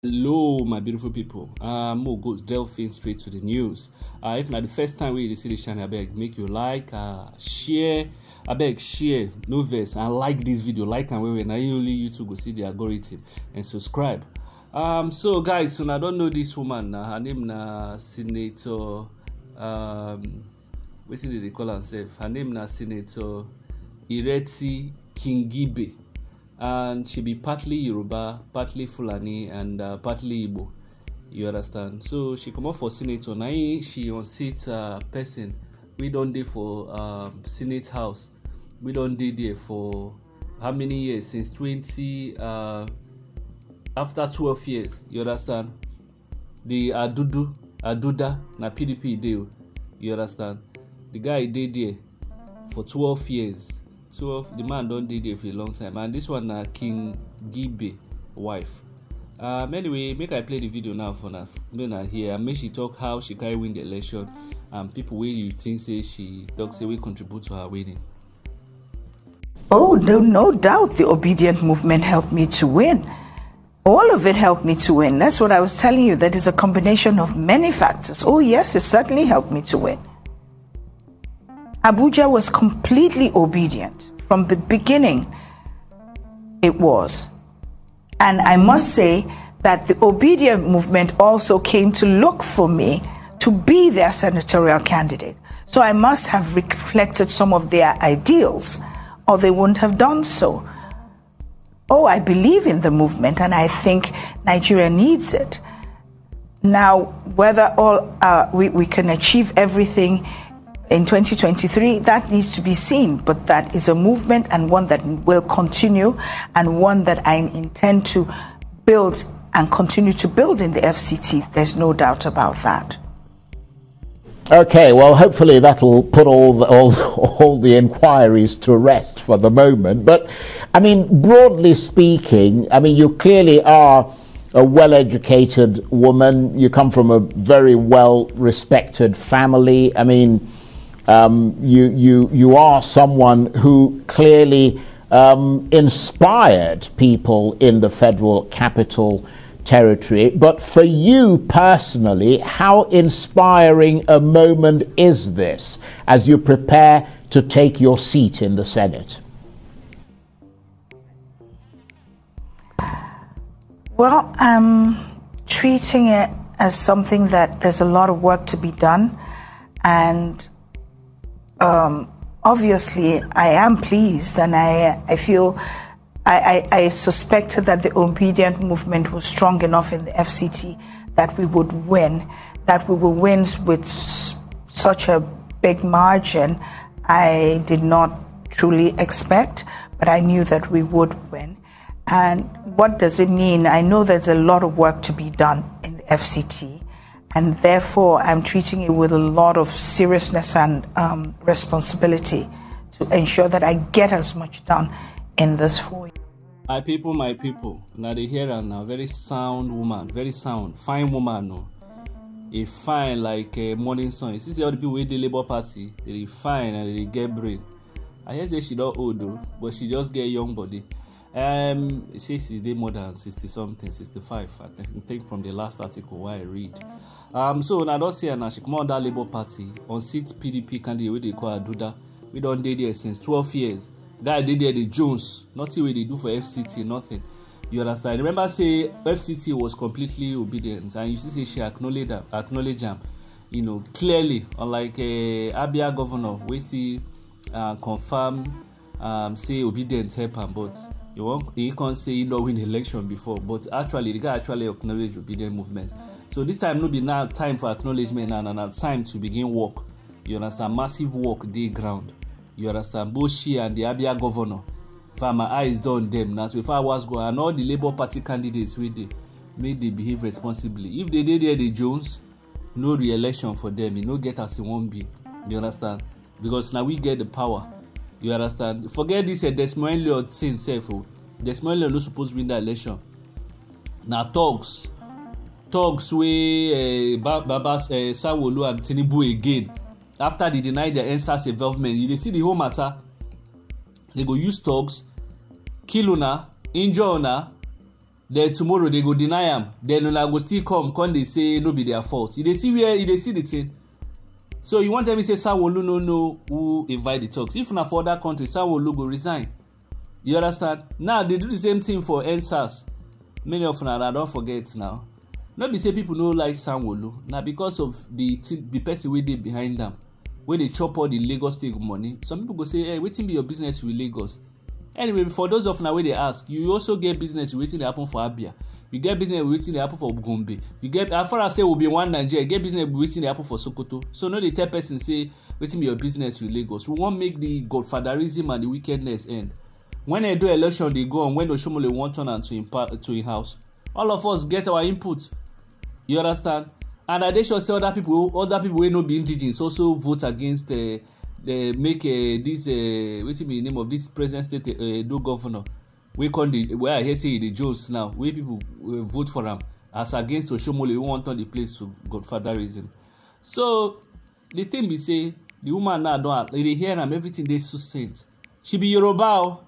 Hello, my beautiful people. Um, um, go delve in straight to the news. Uh, if not the first time we see this channel, I beg make you like, uh, share, I beg share, no verse, and like this video, like and wait. Now only you two go see the algorithm and subscribe. Um, so guys, so I don't know this woman. Uh, her name na Senator. Um, what did they call herself? Her name na Senator Ireti Kingibe. and she be partly Yoruba, partly Fulani, and uh, partly Igbo. You understand? So she come up for senator. Now she on seat uh, person. We don't do for um, senate house. We don't do there for how many years? Since twenty. Uh, after twelve years, you understand? The Adudu, Aduda, na PDP deal. You understand? The guy did there for twelve years. 12 the man don dey there for a long time and this one na king gibe wife um anyway make i play the video now for una make una hear and make she talk how she carry win the election and people wey you think say she talk say wey contribute to her winning. Oh, no, no doubt the obedient movement helped me to win. All of it helped me to win. That's what I was telling you. That is a combination of many factors. Oh, yes, it certainly helped me to win. Abuja was completely obedient from the beginning. It was. And I must say that the obedient movement also came to look for me to be their senatorial candidate. So I must have reflected some of their ideals, or they wouldn't have done so. Oh, I believe in the movement and I think Nigeria needs it. Now, whether all uh, we, we can achieve everything in 2023, that needs to be seen, but that is a movement and one that will continue and one that I intend to build and continue to build in the FCT. There's no doubt about that. Okay, well, hopefully that'll put all the, all, all the inquiries to rest for the moment. But, I mean, broadly speaking, I mean, you clearly are a well educated woman. You come from a very well respected family. I mean, um, you, you, you are someone who clearly um, inspired people in the federal capital territory. But for you personally, how inspiring a moment is this as you prepare to take your seat in the Senate? Well, I'm um, treating it as something that there's a lot of work to be done and um, obviously I am pleased and I, I feel I, I, I suspected that the obedient movement was strong enough in the FCT that we would win, that we would win with such a big margin. I did not truly expect, but I knew that we would win. And what does it mean? I know there's a lot of work to be done in the FCT. And therefore, I'm treating it with a lot of seriousness and um, responsibility to ensure that I get as much done in this four years. My people, my people. Now they hear her now. Very sound woman, very sound, fine woman. No, a fine like a morning sun. You see all the people with the Labour Party, they fine and they get brain. I hear say she not old though, but she just get young body. Um, she she day more than sixty something, sixty five. I think, think from the last article why I read. um, so una don see her now she comot dat labour party on seat pdp candidate wey dey call aduda wey don dey there since twelve years guy dey there dey jones nothing wey dey do for fct nothing you understand remember say fct was completely obedient and you see say she acknowledge am acknowledge am you know clearly unlike uh, abia governor wey still uh, confirm um, say obedient help am but he wan he come say he don win election before but actually the guy actually acknowledge obedient movement so this time no be now time for acknowledgement and na time to begin work you understand massive work dey ground you understand both she and the abia governor farmer eyes don dem na twenty-four hours go and all the labour party candidates wey dey make dey behave responsibly if they dey there dey jones no re-election for dem e no get as e wan be you understand because na we get the power you understand forget this uh, desmond leon thing sef o oh. desmond leon no suppose win that election na talks Talks wey uh, eh, baba uh, eh, sanwoolu and tinubu again after they deny their endsars involvement you dey see the whole matter they go use talks, kill una injure una then tomorrow they go deny am then una go still come come dey say no be their fault you dey see where you dey see the thing so you wan tell me say sanwoolu no know who invite the thugs if na for other country sanwoolu go resign you understand now they do the same thing for endsars many of una na don forget now no be say people no like sanwoolu na because of the the person wey dey behind am wey dey chop all the lagos state money some people go say hey eh, wetin be your business with lagos anyway for those of una wey dey ask you also get business with wetin dey happen for abia you get business with wetin dey happen for gombe you get as far as say we be one nigeria you get business with wetin dey happen for sokoto so no dey tell person say wetin be your business with lagos we wan make the godfatherism and the wickedness end when edo election dey go on when oshiomhole wan turn am to im house all of us get our input you understand and i dey sure say other people other people wey no be indigents also vote against uh, the, make uh, this uh, wetin be the name of this present state uh, edo governor wey come the wey i hear say he dey jones now wey people uh, vote for am as against Oshomole. wey wan turn the place to godfatherism so the thing be say the woman now don you dey hear am everything dey succinct she be yoruba o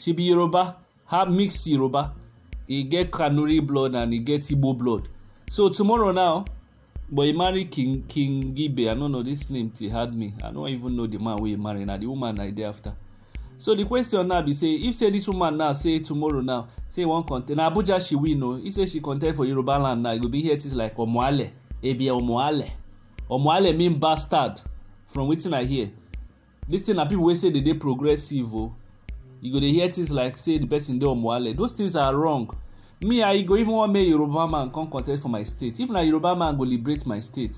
she be yoruba her mix yoruba e get kanuri blood and e get igbo blood So tomorrow now, boy marry King King Gibe. I don't know this name. He had me. I don't even know the man we marry. Now the woman I there after. So the question now be say if say this woman now say tomorrow now say one contest na Abuja she win o if say she contest for Yoruba land now e go be hear things like omoale ebi omoale omoale mean bastard from wetin I hear this thing na people wey say they dey progressive o oh. you go dey hear things like say the person dey omoale those things are wrong me i go even wan make yoruba man come contest for my state if na yoruba man go liberate my state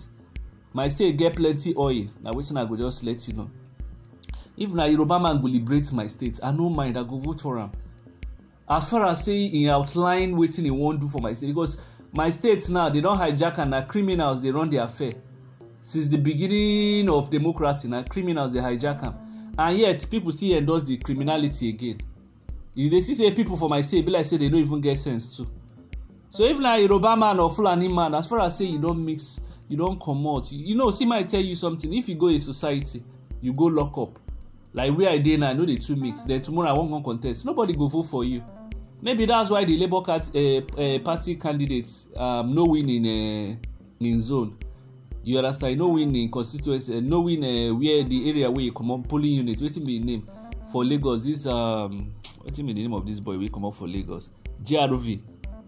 my state get plenty oil na wetin i go just let you know if na yoruba man go liberate my state i no mind i go vote for am as far as say e outline wetin he wan do for my state because my state now dey don hijack and na criminals dey run the affair since the beginning of democracy na criminals dey hijack am and yet people still endorse the criminality again you dey see say people for my state be like say they no even get sense too so if na yoruba man or fulani man as far as say you don mix you don comot you know see my tell you something if you go a society you go lock up like where i dey now i no dey too mix then tomorrow i wan come contest nobody go vote for you maybe that's why the labour uh, uh, party candidate um, no win in uh, eh, in zone you understand no win in constituency uh, no win uh, where the area wey you comot polling unit wetin be im name for lagos this um, wetin be the name of this boy wey comot for lagos grov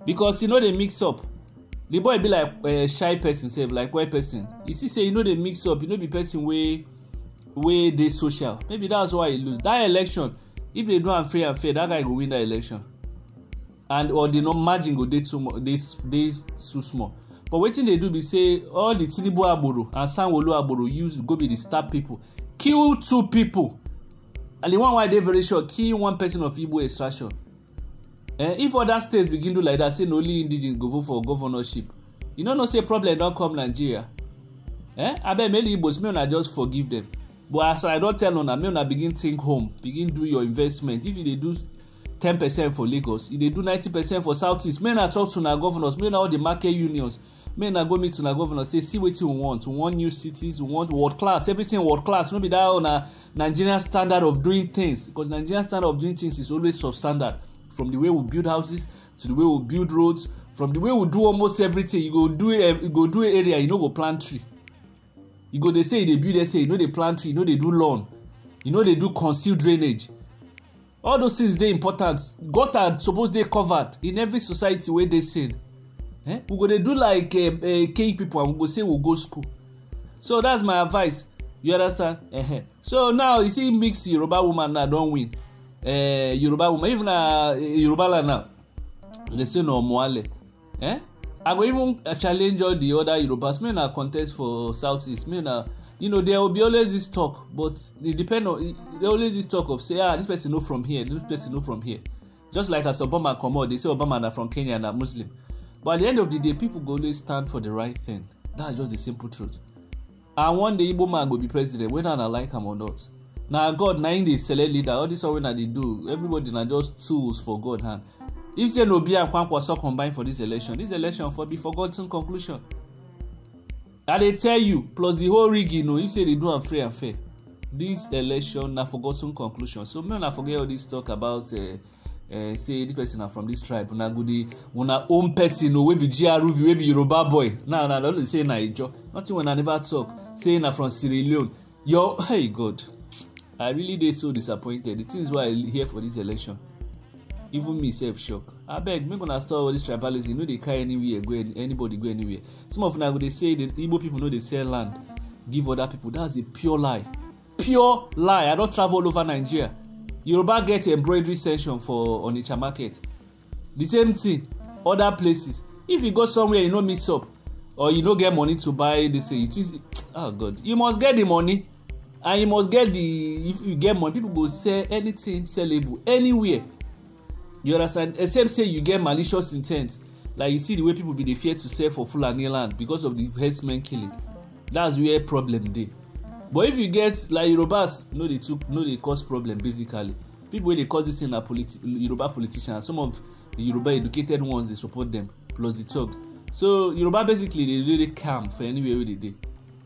because e no dey mix up the boy be like uh, shy person sef like white person you see say e no dey mix up e no be person wey wey dey social maybe that's why e lose that election if they do am free and fair that guy go win that election and or the margin go dey too dey dey too small but wetin they do be say all the tinubu agboro and sanwoolu agboro use go be the star people kill two people and the one why dey very sure kill one person of igbo extraction eh if other states begin do like that say na only indigenes go vote for governorship you no know say problem don come nigeria eh abeg many igbos may una just forgive them but as i don tell una may una begin think home begin do your investment if you dey do ten percent for lagos you dey do ninety percent for south east may una talk to una governors may una all the market unions May una go meet una governor say see wetin we want we want new cities we want world class everything world class no be that una oh, nigerian standard of doing things because nigerian standard of doing things is always substandard from the way we build houses to the way we build roads from the way we do almost everything you go do e, you go do area you no go plant tree you go dey say you dey build estate you no dey plant tree you no dey do lawn you no dey do conceal drainage all those things dey important gutter suppose dey covered in every society wey dey sane eh? we go dey do like uh, eh, uh, eh, kei people and we go say we go school so that's my advice you understand uh -huh. so now you see mix yoruba woman now don win uh, yoruba woman even na uh, yoruba land now dey say na omuale eh? i go even uh, challenge all the other yorubas make una contest for south east make una you know there will be always this talk but it depend on there always this talk of say ah this person no from here this person no from here just like as obama comot they say obama na from kenya na muslim but at the end of the day people go always stand for the right thing that's just the simple truth and one day igbo man go be president whether una like am or not na god na him dey select leader all this one wey una dey do everybody na just tools for god hand if say nobi and kwankwaso combine for this election this election for be forgotten conclusion i dey tell you plus the whole rigging know if say dey do am free and fair this election na forgotten conclusion so make una forget all this talk about. Uh, uh, say this person na from this tribe una go dey una own person o wey be grv wey be yoruba boy now na don dey say na ijo nothing una never talk say na from sierra leone your hey god i really dey so disappointed the things wey i hear for this election even me sef shock abeg make una stop all this tribalism no dey carry anywhere go anybody go anywhere some of una go dey say the igbo people no dey sell land give other people that's a pure lie pure lie i don travel all over nigeria yoruba get embroidery section for onitsha market the same thing other places if you go somewhere you no mix up or you no get money to buy this thing you think oh god you must get the money and you must get the if you get money people go sell anything sellable anywhere you understand except say you get malicious intent like you see the way people be dey fear to sell for fulani land because of the herdsmen killing that's where problem dey but if you get like yorubas no dey too no dey cause problem basically people wey dey cause this thing na politi yoruba politicians some of the yoruba educated ones dey support them plus the thugs so yoruba basically dey really calm for anywhere wey dey dey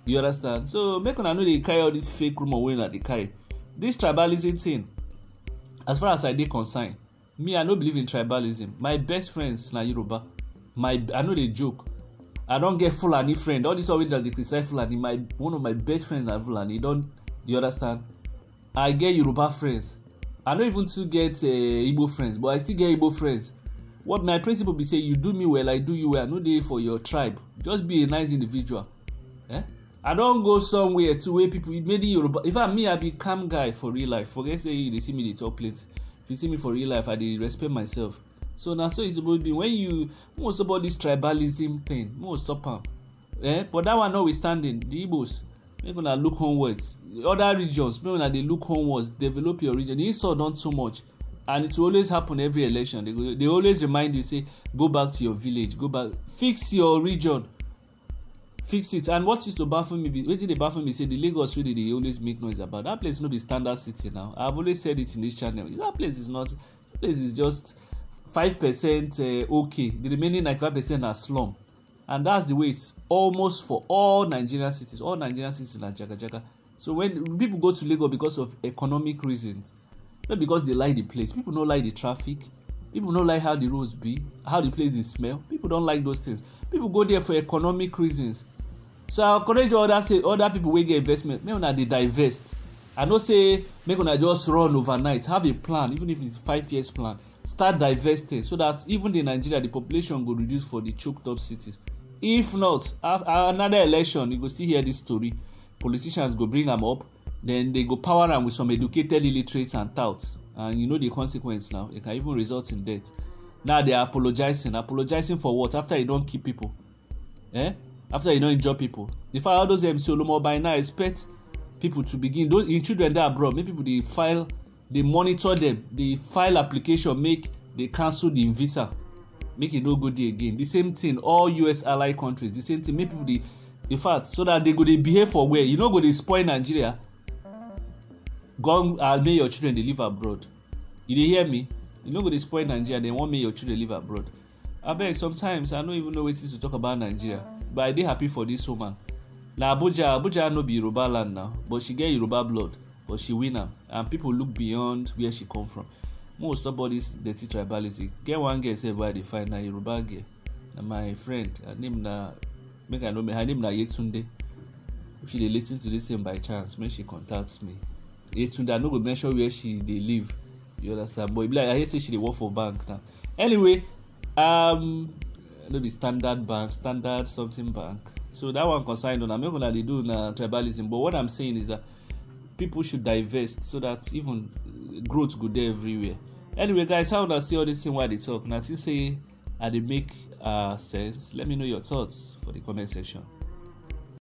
you understand so make una no dey carry all this fake rumor wey una dey carry this tribalism thing as far as i dey concerned me i no believe in tribalism my best friends na yoruba my i no dey joke i don't get fulani friend all this one wey dem dey criticize fulani my one of my best friends na fulani don't you understand i get yoruba friends i no even too get uh, igbo friends but i still get igbo friends what my principle be say you do me well i do you well no day for your tribe just be a nice individual eh? i don't go somewhere to wey people maybe yoruba If I'm me i be calm guy for real life forget say they see me dey talk plenty if you see me for real life i dey respect myself so na so e suppose be when you we stop all this tribalism thing we stop am eh but that one notwithstanding the igbos make una look onwards. other regions make una dey look onwards, develop your region the insult don too much and it will always happen every election they go they always remind you say go back to your village go back fix your region fix it and what used to baffle me be wetin dey baffle me say the lagos wey dey dey always make noise about that place no be standard city now i have always said it in this channel that place is not that place is just five percent uh, okay the remaining ninety-five percent na slum and that's the way it's almost for all nigerian cities all nigerian cities na jagajaga so when people go to lagos because of economic reasons not because they like the place people no like the traffic people no like how the roads be how the place dey smell people don like those things people go there for economic reasons so i encourage other say other people wey get investment make una dey divest i know say make una just run overnight have a plan even if it's five years plan start divesting so that even the nigeria the population go reduce for the choked up cities if not after uh, another election you go still hear this story politicians go bring am up then they go power am with some educated illiterates and touts and you know the consequence now It can even result in death now they are apologizing apologizing for what after you don kill people eh after you don injure people in fact all those mc olomo by now expect people to begin those in children dey abroad make people dey file dey monitor dem dey file application make dey cancel di visa make e no go there again di same thing all us ally countries di same thing make people dey in fact so that they go dey behave for where you no go dey spoil nigeria go and uh, make your children dey live abroad you dey hear me you no go dey spoil nigeria dem wan make your children live abroad abeg sometimes i no even know wetin to talk about nigeria but i dey happy for dis woman na abuja abuja no be yoruba land now but she get yoruba blood but she win am and people look beyond where she come from Most we stop all this dirty tribalism get one girl sef wey i dey find na yoruba girl na my friend her name na make i know her name na yetunde if she dey lis ten to this thing by chance make she contact me yetunde i no go mention where she dey live you understand but e be like i hear say she dey work for bank now anyway um no be standard bank standard something bank so that one concern una make una dey do una tribalism but what i'm saying is that people should divest so that even uh, growth go dey everywhere anyway guys how una see all this thing wey i dey talk na think say i dey make uh, sense let me know your thoughts for the comment section.